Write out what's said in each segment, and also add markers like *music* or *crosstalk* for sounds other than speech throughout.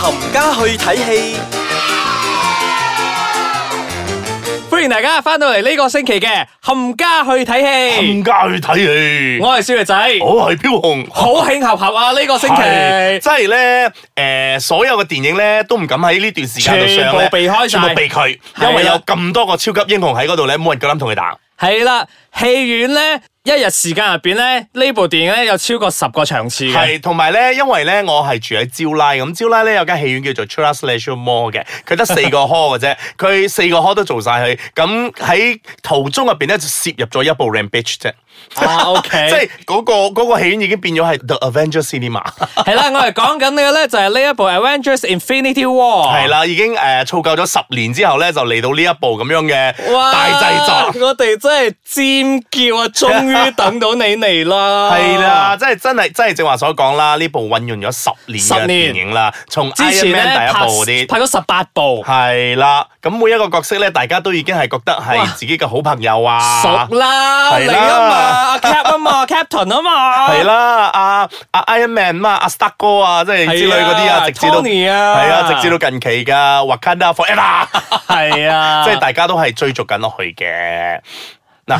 冚家去睇戲，歡迎大家翻到嚟呢個星期嘅冚家去睇戲。冚家去睇戲，我係小肥仔，我係飄紅，好慶合合啊！呢個星期，即係咧，誒，所有嘅電影咧都唔敢喺呢段時間度上咧，全部避開，全部避開，因為有咁多個超級英雄喺嗰度咧，冇人夠膽同佢打。係啦，戲院咧。一日時間入面呢，呢部電影咧有超過十個場次嘅。係，同埋呢，因為呢我係住喺招拉咁，招拉咧有間戲院叫做 Charles l e s m o r e 嘅，佢得四個 hall 嘅啫，佢 *laughs* 四個 hall 都做晒佢，咁喺途中面呢入邊咧就攝入咗一部 Rampage 啫。啊、ah，OK， *laughs* 即係嗰、那個嗰、那個戲院已經變咗係 The Avengers Cinema，係 *laughs* 啦，我哋講緊嘅咧就係呢一部 Avengers Infinity War，係啦，已經誒湊夠咗十年之後咧就嚟到呢一部咁樣嘅大製作。我哋真係尖叫啊，終於等到你嚟 *laughs* 啦！係啦，即係真係，即係正話所講啦，呢部運用咗十年嘅電影啦，從之前咧第一部拍咗十八部，係啦，咁每一個角色咧大家都已經係覺得係自己嘅好朋友啊，熟啦，係啦。啊！Captain 啊嘛，Captain 啊嘛，係啦，阿阿 Iron Man 嘛，阿 Star 哥啊，即係之類嗰啲啊，直至到 Tony 啊，係啊，直至到近期噶，Wakanda Forever？係啊，即係大家都係追逐緊落去嘅，嗱，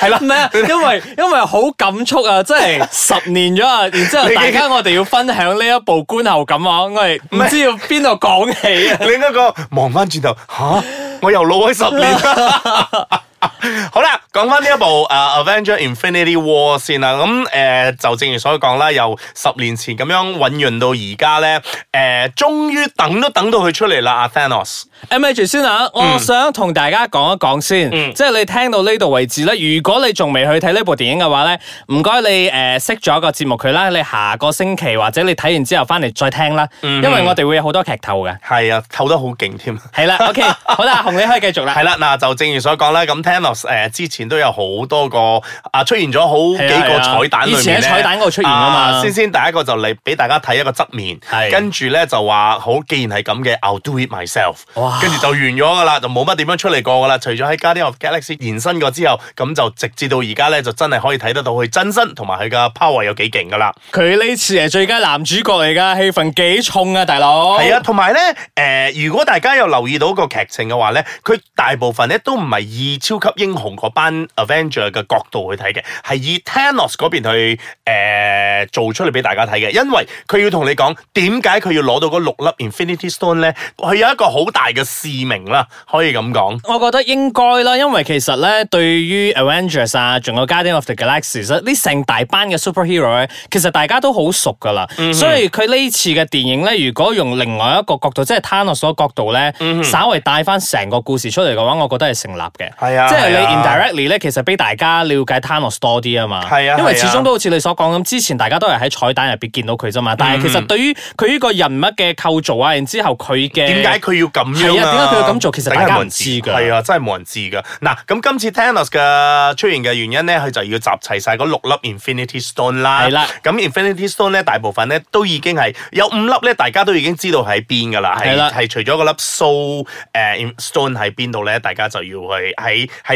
係啦，咩啊，因為因為好感觸啊，即係十年咗啊，然之後大家我哋要分享呢一部觀後感啊，我哋唔知要邊度講起，另一個望翻轉頭，吓，我又老咗十年。。好啦，講返呢一部誒《uh, Avengers Infinity War》先啦。咁誒、呃，就正如所講啦，由十年前咁樣醞釀到而家呢，誒、呃，終於等都等到佢出嚟啦。阿 Thanos，誒，咪住先啊！嗯、我想同大家講一講先，嗯、即係你聽到呢度為止呢，如果你仲未去睇呢部電影嘅話呢，唔該你誒，熄咗個節目佢啦。你下個星期或者你睇完之後返嚟再聽啦，嗯、因為我哋會有好多劇透嘅。係啊，透得好勁添。係啦，OK，好啦，紅你可以繼續啦。係啦，嗱就正如所講啦，咁 Thanos 誒、呃，之前都有好多個啊，出現咗好幾個彩蛋裏面咧、啊啊。以前喺彩蛋嗰度出現嘛啊嘛。先先第一個就嚟俾大家睇一個側面，是跟住咧就話好，既然係咁嘅，I'll do it myself。跟住哇就完咗噶啦，就冇乜點樣出嚟過噶啦。除咗喺《Guardian of Galaxy》延伸過之後，咁就直至到而家咧，就真係可以睇得到佢真身同埋佢嘅 power 有幾勁噶啦。佢呢次係最佳男主角嚟噶，氣氛幾重啊，大佬？係啊，同埋咧，誒、呃，如果大家有留意到個劇情嘅話咧，佢大部分咧都唔係二超級英雄嗰班 Avenger 嘅角度去睇嘅，係以 Thanos 嗰邊去誒、呃、做出嚟俾大家睇嘅，因為佢要同你講點解佢要攞到嗰六粒 Infinity Stone 咧，佢有一個好大嘅使命啦，可以咁講。我覺得應該啦，因為其實咧，對於 Avengers 啊，仲有 Guardians of the Galaxy，其實、啊、呢成大班嘅 superhero 咧，其實大家都好熟噶啦，嗯、哼所以佢呢次嘅電影咧，如果用另外一個角度，即係 Thanos 嘅角度咧，嗯、哼稍微帶翻成個故事出嚟嘅話，我覺得係成立嘅。係啊，係你 indirectly 咧，其實俾大家了解 Thanos 多啲啊嘛，係啊，因為始終都好似你所講，咁，之前大家都係喺彩蛋入邊見到佢啫嘛。但係其實對於佢呢個人物嘅構造啊，然之後佢嘅點解佢要咁樣，點解佢要咁做？其實大家冇人知㗎，係啊，真係冇人知㗎。嗱，咁今次 Thanos 嘅出現嘅原因咧，佢就要集齊晒嗰六粒 Infinity Stone 啦。係啦的，咁 Infinity Stone 咧，大部分咧都已經係有五粒咧，大家都已經知道喺邊㗎啦。係啦的，係除咗嗰粒 Soul 誒 Stone 喺邊度咧，大家就要去喺喺。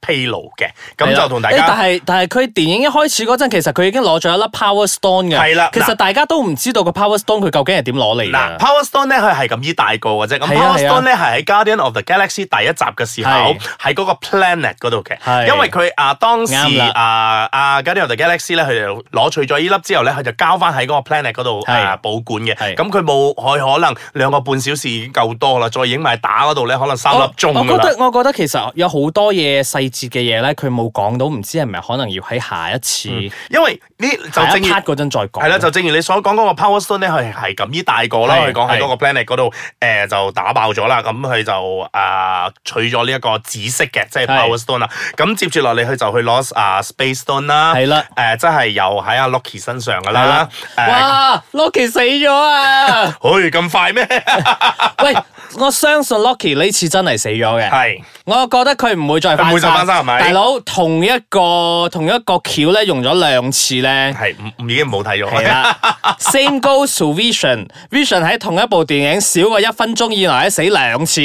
披露嘅，咁就同大家，但係但係佢電影一開始嗰陣，其實佢已經攞咗一粒 Power Stone 嘅，係啦，其實大家都唔知道個 Power Stone 佢究竟係點攞嚟。嗱，Power Stone 咧佢係咁依大個嘅啫，咁 Power Stone 咧係喺 Guardian of the Galaxy 第一集嘅時候喺嗰個 planet 嗰度嘅，因為佢啊當時啊啊 Guardian of the Galaxy 咧佢就攞取咗依粒之後咧，佢就交翻喺嗰個 planet 嗰度啊保管嘅，咁佢冇佢可能兩個半小時已經夠多啦，再影埋打嗰度咧可能三粒鐘。我覺得我覺得其實有好多嘢細。節嘅嘢咧，佢冇講到，唔知係咪可能要喺下一次，因為呢就正如嗰陣再講，係啦，就正如你所講嗰個 Power Stone 咧，佢係咁呢大個啦，講喺嗰個 Planet 嗰度，誒是、呃、就打爆咗啦，咁佢就啊、呃、取咗呢一個紫色嘅，即、就、係、是、Power Stone 啦是，咁接住落嚟佢就去攞啊 Space Stone 啦的，係啦、呃，誒即係又喺阿 Loki 身上噶啦，的呃、哇 Loki 死咗啊，去咁快咩？喂！ *laughs* *laughs* 我相信 Loki 呢次真係死咗嘅，係是，我覺得佢唔會再翻生，唔會再翻生係咪？大佬哥同一個是是同一個橋咧用咗兩次咧，係唔唔已經冇睇咗？係啦的 *laughs* ，Same goes to Vision，Vision 喺 Vision 同一部電影少過一分鐘以內死兩次，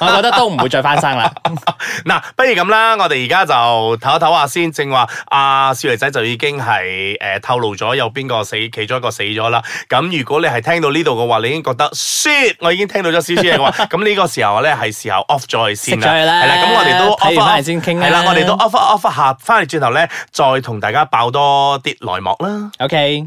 我覺得都唔會再翻生啦。嗱， *laughs* *laughs* nah, 不如咁啦，我哋而家就唞一唞下先。正話阿、啊、少爺仔就已經係誒、呃、透露咗有邊個死，其中一個死咗啦。咁如果你係聽到呢度嘅話，你已經覺得 shit，我已經聽到咗少少。咁呢 *laughs* *laughs* 個時候咧，係時候 off 咗佢先了 *laughs* 啦。係啦，咁我哋都 off 翻嚟先傾啦。係啦，我哋都 off off 下，翻嚟轉頭咧，再同大家爆多啲內幕啦。OK。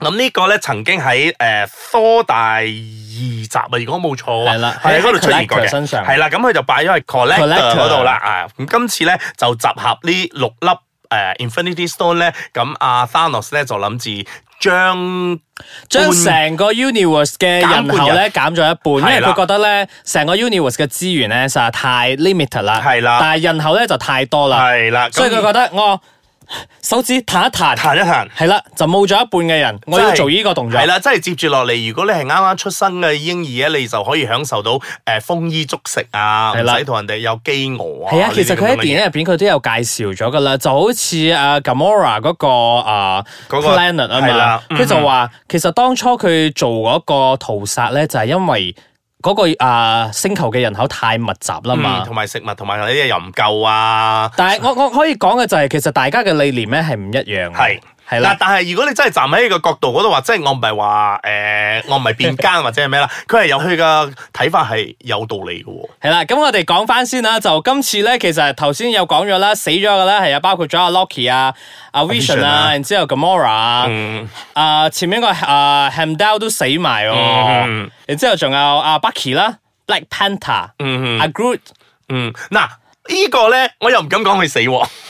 咁呢個咧曾經喺誒《Thor》第二集啊，如果冇錯啊，係啦了，喺度出現過嘅。身上係啦，咁佢就擺咗喺 collector 嗰度啦。啊，咁今次咧就集合呢六粒誒 Infinity Stone 咧，咁阿 Thanos 咧就諗住將將成個 Universe 嘅人口咧減咗一半，了因為佢覺得咧成個 Universe 嘅資源咧實在太 limit 啦，係啦了，但係人口咧就太多啦，係啦了，了所以佢覺得我。手指彈一彈，彈一彈，係啦，就冇咗一半嘅人。我要做呢個動作，係啦，即係接住落嚟。如果你係啱啱出生嘅嬰兒咧，你就可以享受到誒豐衣足食啊。係啦，使同人哋有飢餓啊。係啊，其實佢喺電影入邊佢都有介紹咗噶啦，就好似阿、啊、Gamora 嗰個啊 Planet 啊嘛，佢就話其實當初佢做嗰個屠殺咧，就係因為。嗰、那個誒、呃、星球嘅人口太密集啦嘛，同埋、嗯、食物同埋呢啲嘢又唔夠啊！但係我我可以講嘅就係、是，其實大家嘅理念咧係唔一樣嘅。嗱，但係如果你真係站喺呢個角度嗰度話，即係我唔係話誒，我唔係變奸或者係咩啦，佢係有佢嘅睇法，係有道理嘅。係啦，咁我哋講翻先啦，就今次咧，其實頭先有講咗啦，死咗嘅咧係啊，包括咗阿 Loki 啊、阿 Vision 啊，然之後 Gamora、嗯、啊，啊前面一個阿、啊、Hamdell 都死埋哦，嗯、哼然之後仲有阿、啊、Bucky 啦、啊、Black Panther、嗯哼、阿、啊、Groot，嗯，嗱、啊，這個、呢個咧我又唔敢講佢死。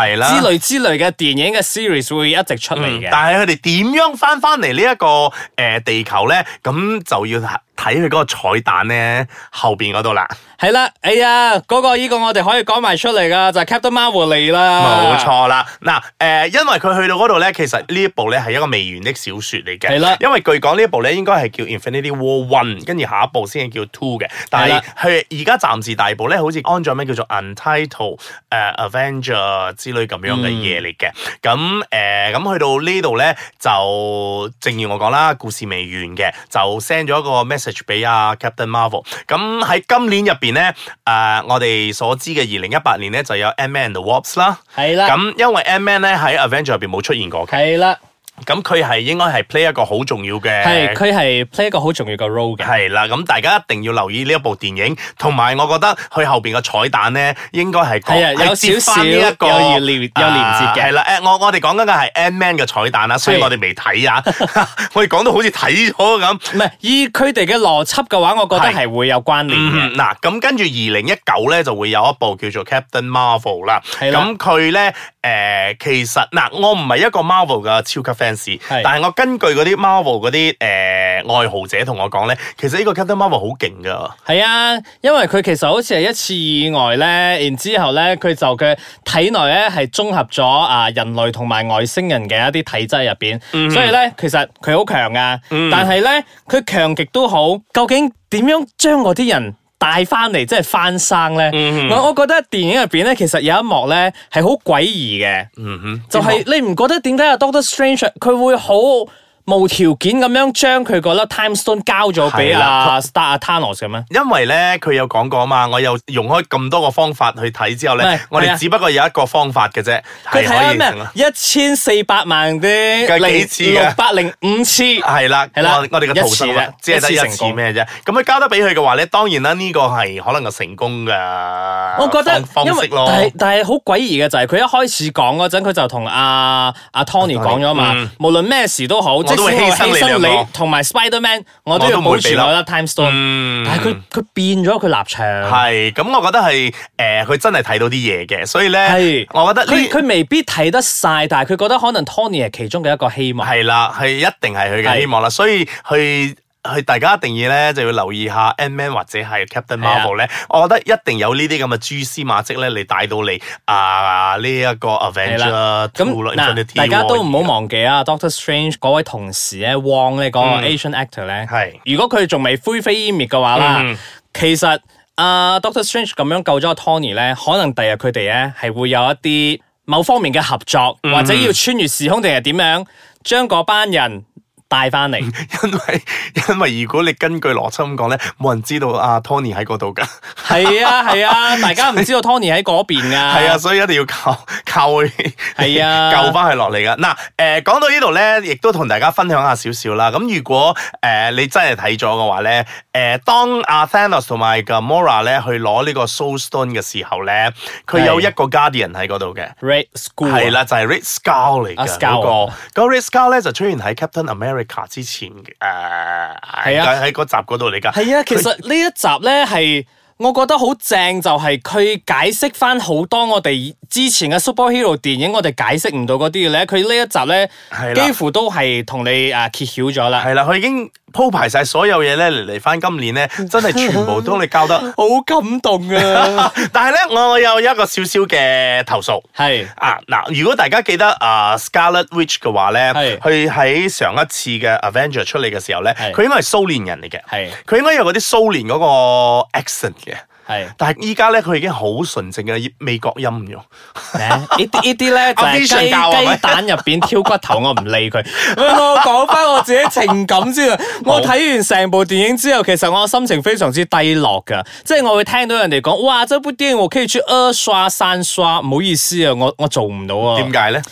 係啦，之類之類嘅電影嘅 series 會一直出嚟嘅、嗯，但係佢哋點樣返返嚟呢一個誒、呃、地球咧？咁就要睇佢個彩蛋咧後邊嗰度啦，係啦，哎呀，嗰、那個依個我哋可以講埋出嚟㗎，就係、是、Captain Marvel 嚟啦，冇錯啦。嗱，誒，因為佢去到嗰度咧，其實呢一部咧係一,一個未完的小說嚟嘅，係啦了。因為據講呢一部咧應該係叫 Infinity War One，跟住下一部先至叫 Two 嘅。但係佢而家暫時第二部咧，好似安咗咩叫做 Untitled 誒、呃、Avenger 之類咁樣嘅嘢嚟嘅。咁誒、嗯，咁、呃、去到呢度咧就正如我講啦，故事未完嘅，就 send 咗一個 message。俾阿 Captain Marvel。咁喺今年入邊咧，誒我哋所知嘅二零一八年咧，就有 Ant-Man and the Wasp 啦。係啦。咁因為 Ant-Man 咧喺 Avenger 入邊冇出現過。係啦。咁佢係應該係 play 一個好重要嘅，係佢係 play 一個好重要嘅 role 嘅。係啦，咁大家一定要留意呢一部電影，同埋我覺得佢後邊嘅彩蛋咧，應該係係啊，有少少有連有連接嘅。係啦，誒，我我哋講緊嘅係 Ant-Man 嘅彩蛋啦，所以我哋未睇啊，我哋講到好似睇咗咁。唔係，以佢哋嘅邏輯嘅話，我覺得係會有關聯嘅。嗱，咁跟住二零一九咧就會有一部叫做 Captain Marvel 啦。係啦，咁佢咧誒，其實嗱，我唔係一個 Marvel 嘅超級 fan。但係我根據嗰啲 Marvel 嗰啲誒愛好者同我講咧，其實呢個 Captain Marvel 好勁噶。係啊，因為佢其實好似係一次意外咧，然後之後咧佢就佢體內咧係綜合咗啊人類同埋外星人嘅一啲體質入邊，mm hmm. 所以咧其實佢好強噶。但係咧佢強極都好，究竟點樣將我啲人？帶翻嚟即係翻生咧，我、mm hmm. 我覺得電影入邊咧，其實有一幕咧係好詭異嘅，mm hmm. 就係你唔覺得點解啊 Doctor Strange 佢會好無條件咁樣將佢嗰粒 time stone 交咗俾啊，Star 啊，Thanos 嘅咩？因為咧，佢有講過啊嘛，我又用開咁多個方法去睇之後咧，我哋只不過有一個方法嘅啫，佢可以，一千四百萬啲零六百零五次，係啦，係啦，我哋嘅逃生嘅，只係得一次咩啫？咁佢交得俾佢嘅話咧，當然啦，呢個係可能個成功噶。我覺得，因為但係但係好詭異嘅就係佢一開始講嗰陣，佢就同阿啊 Tony 講咗啊嘛，無論咩事都好。都會犧牲你同埋 Spider-Man，我都要保存我粒 time stone。嗯、但係佢佢變咗佢立場。係咁，我覺得係誒，佢、呃、真係睇到啲嘢嘅，所以咧，是我覺得佢佢未必睇得晒，但係佢覺得可能 Tony 係其中嘅一個希望。係啦，係一定係佢嘅希望啦，所以佢。係大家一定要咧，就要留意下 Ant Man 或者係 Captain Marvel 咧，啊、我覺得一定有呢啲咁嘅蛛絲馬跡咧，嚟帶到你、呃、這個、啊呢一個 Avenger。啦，咁大家都唔好忘記啊，啊，Doctor Strange 嗰位同事咧，王咧、嗯，個 Asian actor 咧，係如果佢仲未灰飛煙滅嘅話啦，嗯、其實啊、呃、Doctor Strange 咁樣救咗 Tony 咧，可能第日佢哋咧係會有一啲某方面嘅合作，或者要穿越時空定係點樣，將嗰班人。帶翻嚟，因為因為如果你根據邏輯咁講咧，冇人知道阿、啊、Tony 喺嗰度噶。係 *laughs* 啊係啊，大家唔知道 Tony 喺嗰邊噶。係啊，所以一定要靠救，係啊，救翻佢落嚟噶。嗱、啊，誒、呃，講到呢度咧，亦都同大家分享下少少啦。咁如果誒、呃、你真係睇咗嘅話咧，誒、呃，當阿 Thanos 同埋 Gamora 咧去攞呢個 Soul Stone 嘅時候咧，佢有一個 Guardian 喺嗰度嘅 Red Skull。係啦，就係、是、Red Skull 嚟嘅嗰個。個 Red Skull 咧就出現喺 Captain America。之前嘅，係、呃、啊，喺嗰集嗰度嚟㗎。係啊，佢其實呢一集咧係，我覺得好正，就係、是、佢解釋返好多我哋之前嘅 Superhero 電影，我哋解釋唔到嗰啲嘅咧。佢呢一集咧，啊、幾乎都係同你啊揭曉咗啦。係啦、啊，佢已經。鋪排晒所有嘢咧，嚟返今年咧，真係全部都你交得 *laughs* 好感動啊！ *laughs* 但係咧，我有一個少少嘅投訴，係是啊，嗱，如果大家記得啊、呃、Scarlet Witch 嘅話咧，佢喺是上一次嘅 Avenger 出嚟嘅時候咧，佢是應該係蘇聯人嚟嘅，係佢是應該有嗰啲蘇聯嗰個 accent 嘅。係，是但係依家咧，佢已經好純正嘅美國音咗。呢啲呢啲咧就雞 *laughs* 蛋入邊挑骨頭， *laughs* 我唔理佢。我講翻我自己情感先啊！ *laughs* 好我睇完成部電影之後，其實我心情非常之低落噶，即係我會聽到人哋講，哇！ *laughs* 這部電影我可以去二刷三刷，唔好意思啊，我我做唔到啊。點解咧？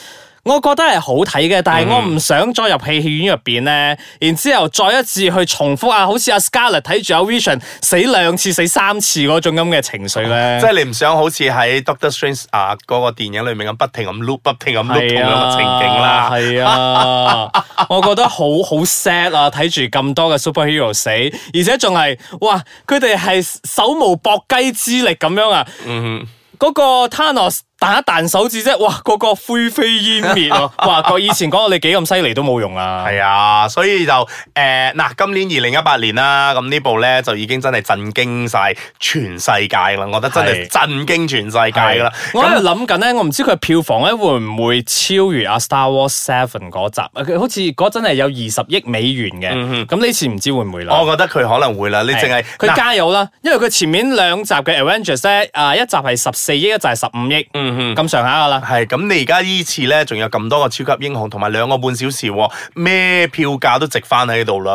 我覺得係好睇嘅，但係我唔想再入戲戲院入邊咧，然之後再一次去重複啊，好似阿 Scarlett 睇住阿 Vision 死兩次、死三次嗰種咁嘅情緒咧、哦。即係你唔想好似喺 Doctor Strange 啊、uh, 嗰個電影裏面咁，不停咁 loop、不停咁 loop 咁嘅情景啦。係啊，啊 *laughs* 我覺得好好 sad 啊！睇住咁多嘅 superhero 死，而且仲係哇，佢哋係手無搏雞之力咁樣啊！嗰、嗯、哼個 Thanos 打一彈手指啫，哇！個個灰飛煙滅哦， *laughs* 哇！佢以前講到你幾咁犀利都冇用啦、啊。係啊，所以就誒嗱、呃，今年二零一八年啦，咁呢部咧就已經真係震驚晒全世界啦。我覺得真係震驚全世界噶啦。我喺度諗緊咧，我唔知佢票房咧會唔會超越阿、啊、Star Wars Seven 嗰集，好似嗰真係有二十億美元嘅。嗯咁哼呢次唔知會唔會啦？我覺得佢可能會啦。你淨係佢加油啦，因為佢前面兩集嘅 Avengers 啊，一集係十四億，一集係十五億。咁上下噶啦，係咁、嗯、你而家依次呢，仲有咁多個超級英雄同埋兩個半小時，咩票價都值翻喺度啦。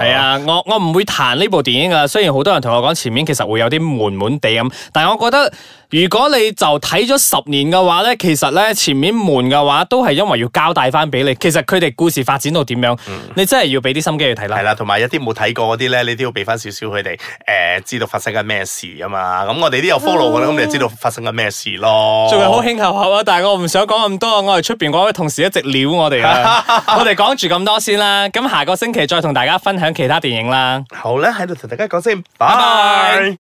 係啊，我我唔會彈呢部電影啊，雖然好多人同我講前面其實會有啲悶悶地咁，但係我覺得。如果你就睇咗十年嘅話咧，其實咧，前面悶嘅話，都係因為要交代翻俾你。其實佢哋故事發展到點樣，嗯、你真係要俾啲心機去睇啦。係啦，同埋一啲冇睇過嗰啲咧，你都要俾翻少少佢哋誒，知道發生緊咩事啊嘛。咁我哋都有 follow 嘅咧，咁 Hello. 你就知道發生緊咩事咯。仲係好興口口啊！但係我唔想講咁多，我哋出邊嗰位同事一直撩我哋啊。 *laughs* 我哋講住咁多先啦。咁下個星期再同大家分享其他電影啦。好啦，喺度同大家講先，拜拜。